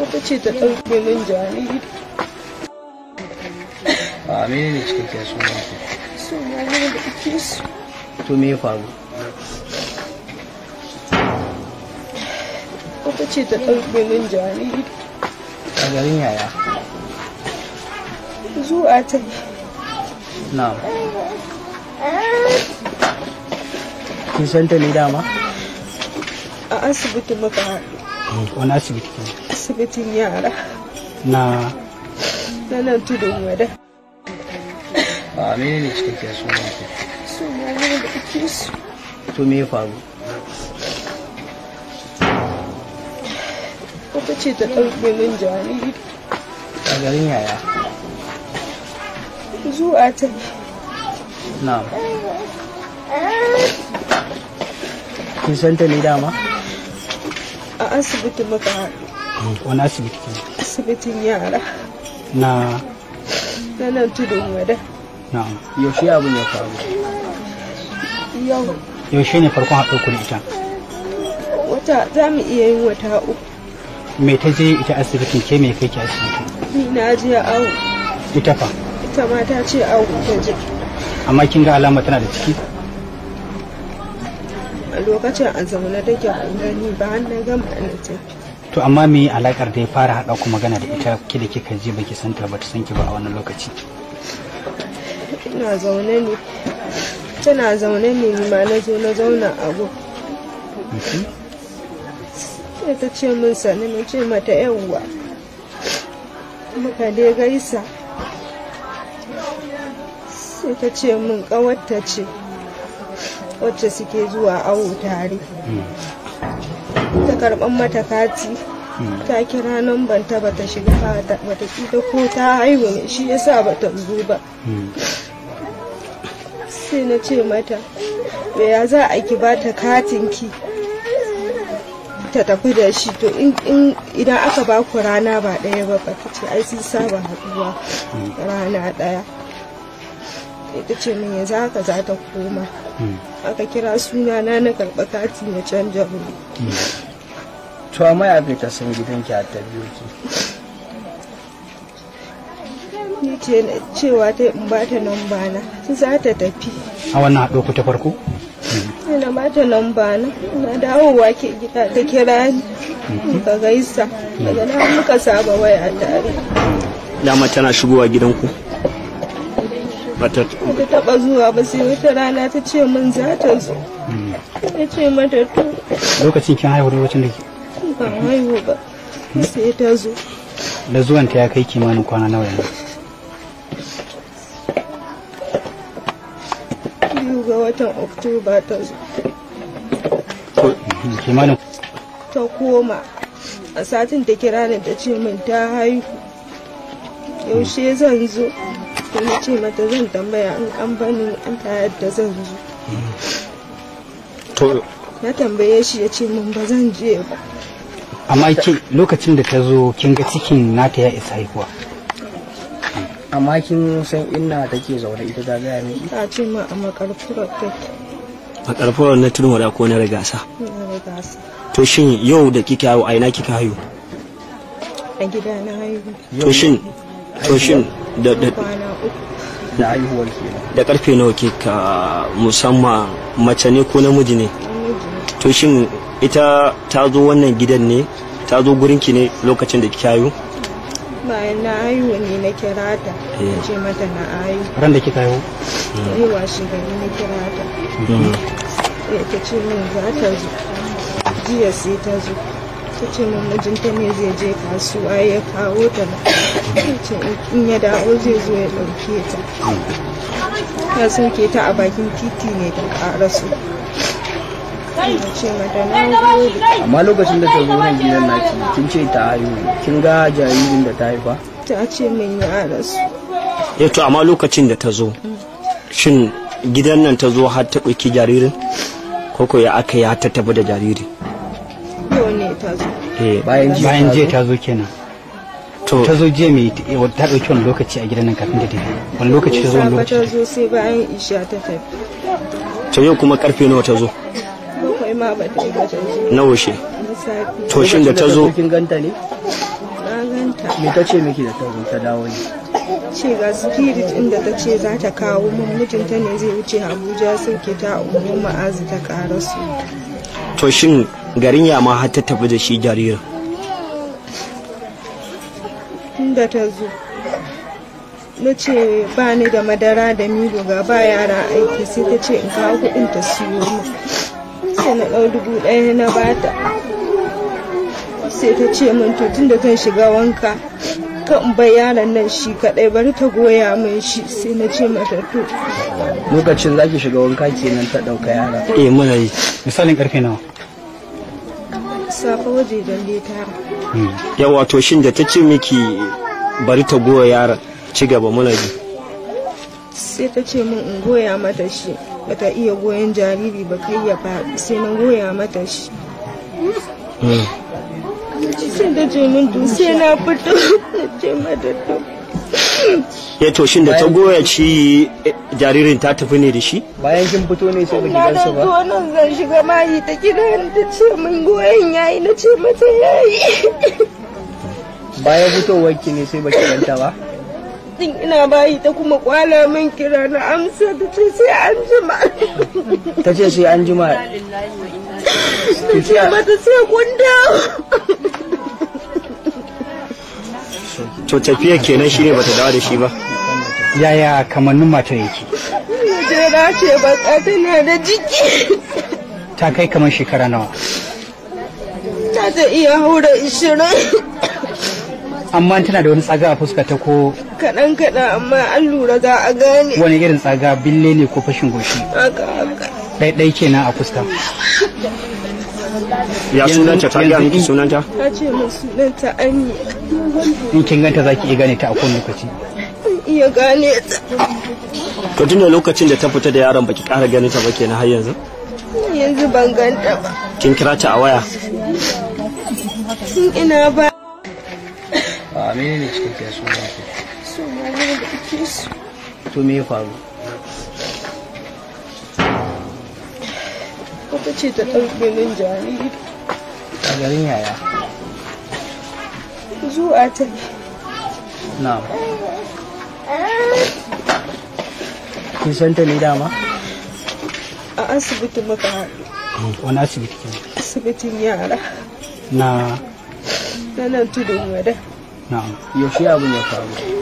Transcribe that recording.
wata ce ta ɗauke min jariri a mene ne cikakken suna ku suna ne da ake su to me ya faru wata ce ta ɗauke min jariri a garin yaya zuwa ta na kin san ta ne dama a asibiti maka haɗu wani asibiti kenan asibitin yara na na nan tudun wada a mene ne cike ke so ke so ne da kake so to me ya faru Kuka ce ta ɗauke min jariri. A garin yaya? Zuwa ta. Na. Kin san ta ne dama? a asibitin muka haɗu wani asibiti asibitin yara na na nan tudun wada na'am yaushe abin ya faru yau yaushe ne farkon haɗo ku ita wata za mu iya yin wata uku me ta je ita asibitin ke me kai ki asibiti ni na je awu. ita fa ita ma ta ce awu ta je amma kin ga alama tana da ciki lokacin a zaune take ban gani ba har na gama na to amma me alakar da ya fara haɗa ku magana da ita ki da kika je baki san ta bata san ki ba a wannan lokaci ina zaune ne tana zaune ne ni ma na zo na zauna a go sai ta ce min sani na ce mata yawwa muka dai gaisa sai ta ce min ta ce wacce suke zuwa awo tare ta karban mata kati ta kira nan ban ta bata shiga bata kita ko ta haihu ne shi yasa bata zo ba sai na ce mata da ya za a ki katin ki ta tafi da shi to idan aka baku rana ba ɗaya ba ba ta ce ai sun saba haɗuwa rana ɗaya ta ce min yanzu haka za ta koma hmm. aka kira suna na na karɓa kati na canja wuri hmm. to amma ya fi ta san gidanki a ta biyo ki ni ce cewa ta in ba ta bana na za ta tafi a wannan haɗo ku ta farko hmm. ina ba ta nan na na dawowa ke gida ta kira ni muka gaisa daga nan muka saba waya tare dama tana shigowa gidanku matattu ta taba zuwa ba sai wata rana ta ce min za ta zo ta ce matattu lokacin kin haihu lokacin da ke ban haihu ba sai ta zo da zuwan ta ya kai kimanin kwana nawa yanzu biyu ga watan oktoba ta zo kimanin ta koma a satin da kira ni ta ce min ta haihu yaushe zan zo sai na ce mata zan tambaya in an bani an tayar da zan zo to na tambaye shi ya ce mun ba zan je ba amma ki lokacin da ta zo kin ga cikin nata ya isa haihuwa amma kin san inna take zaune ita da gaya ni. ta ce ma a makarfurar take makarfurar na turmura ko na ragasa to shin yau da kika yawo a ina kika hayo a gida na hayo to shin to shin da da da karfe nawa ke ka musamman mace ne ko namiji ne to shin ita ta zo wannan gidan ne ta zo gurinki ne lokacin da ki hayo bayan na ayuwa ne na kira ta eh. ce mata na ayu ran da kika haihu yi washe gari na kira ta ya mm. ta ce min za ta zo jiya sai ta zo ta ce min mijinta ne zai je kasuwa ya kawo ta in ya dawo zai zo ya dauke ta ya sauke ta a bakin titi ne ta ƙarasu amma lokacin da ta zo gidan naki kin ce ta ne kin ga jaririn da ta haifa ta ce min ya rasu ya eh, to amma lokacin da ta zo shin gidan nan ta zo har ta ɗauki jaririn ko ko ya aka ya ta tafi da jariri Eh, bayan jiya ta zo kenan to ta zo jiya mai eh, ta dauki wani lokaci a gidan nan kafin ta tafi wani lokaci ta zo wani lokaci ta zo sai bayan isha ta tafi to yau kuma karfe nawa ta zo bakwai ma ba ta ta nawa she to shin da ta zo kin ganta ne na ganta me ta ce miki da ta zo ta dawo ne ce ga spirit inda ta ce za ta kawo mun mutunta ne zai wuce abuja sai ke ta umu ma'azi ta karasu to shin garin yama har ta tafi da shi jaririn da ta zo na ce ba ni da madara da milo ga ba yara aiki sai ta ce in kawo kuɗin ta siyo mu sai na ɗau dubu ɗaya na bata sai ta ce min to tun da zan shiga wanka kan bai yaron nan shi kaɗai bari ta goya min shi sai na ce mata to lokacin zaki shiga wanka kenan ta ɗauka yara eh muna yi misalin karfe nawa lissafa waje dalle tara. Hmm. Yawa to shin da ta ce miki bari ta goya yara ci gaba muna ji. Sai ta ce min in goya mata shi bata iya goyon jariri ba kai ya faɗi sai na goya mata shi. Hmm. Sai ta ce min to na fito ce mata to. ya to shin da ta goya ci eh, jaririn ta tafi ne da shi bayan kin fito ne sai baki gansa ba na nan zan shiga mayi ta gidan ta ce min goyen yayi na ce mata yayi bayan fitowar ki ne sai baki ganta ba din ina bayi ta kuma kwala min kira na amsa ta ce sai an jima ta ce sai an jima ta ce mata sai kun dawo to tafiya kenan shine bata dawo da shi ba yaya kamannin matar yake jera ce baka tana da jiki ta kai kamar shekara nawa ta ta iya haura ishirin amma tana da wani tsaga a fuska ta ko kaɗan kaɗan amma an lura za a gane wani irin tsaga bille ne ko fashin goshi ɗaiɗai kenan a fuska ya sunanta ta iya miki sunanta ta ce min sunanta ani in kin ganta zaki iya gane ta a kowane lokaci iya gane ta to tunda lokacin da ta fita da yaron baki kara ganin ta ba kenan har yanzu yanzu ban ganta ba kin kira ta a waya ina ba a menene cikin kasuwa to me ya faru wata ce ta ɗauke min jariri a garin yaya zuwa ta na K'i san ta ne dama a asibiti muka haɗu wani asibiti ke asibitin yara na na nan tudun wada na yaushe abin ya faru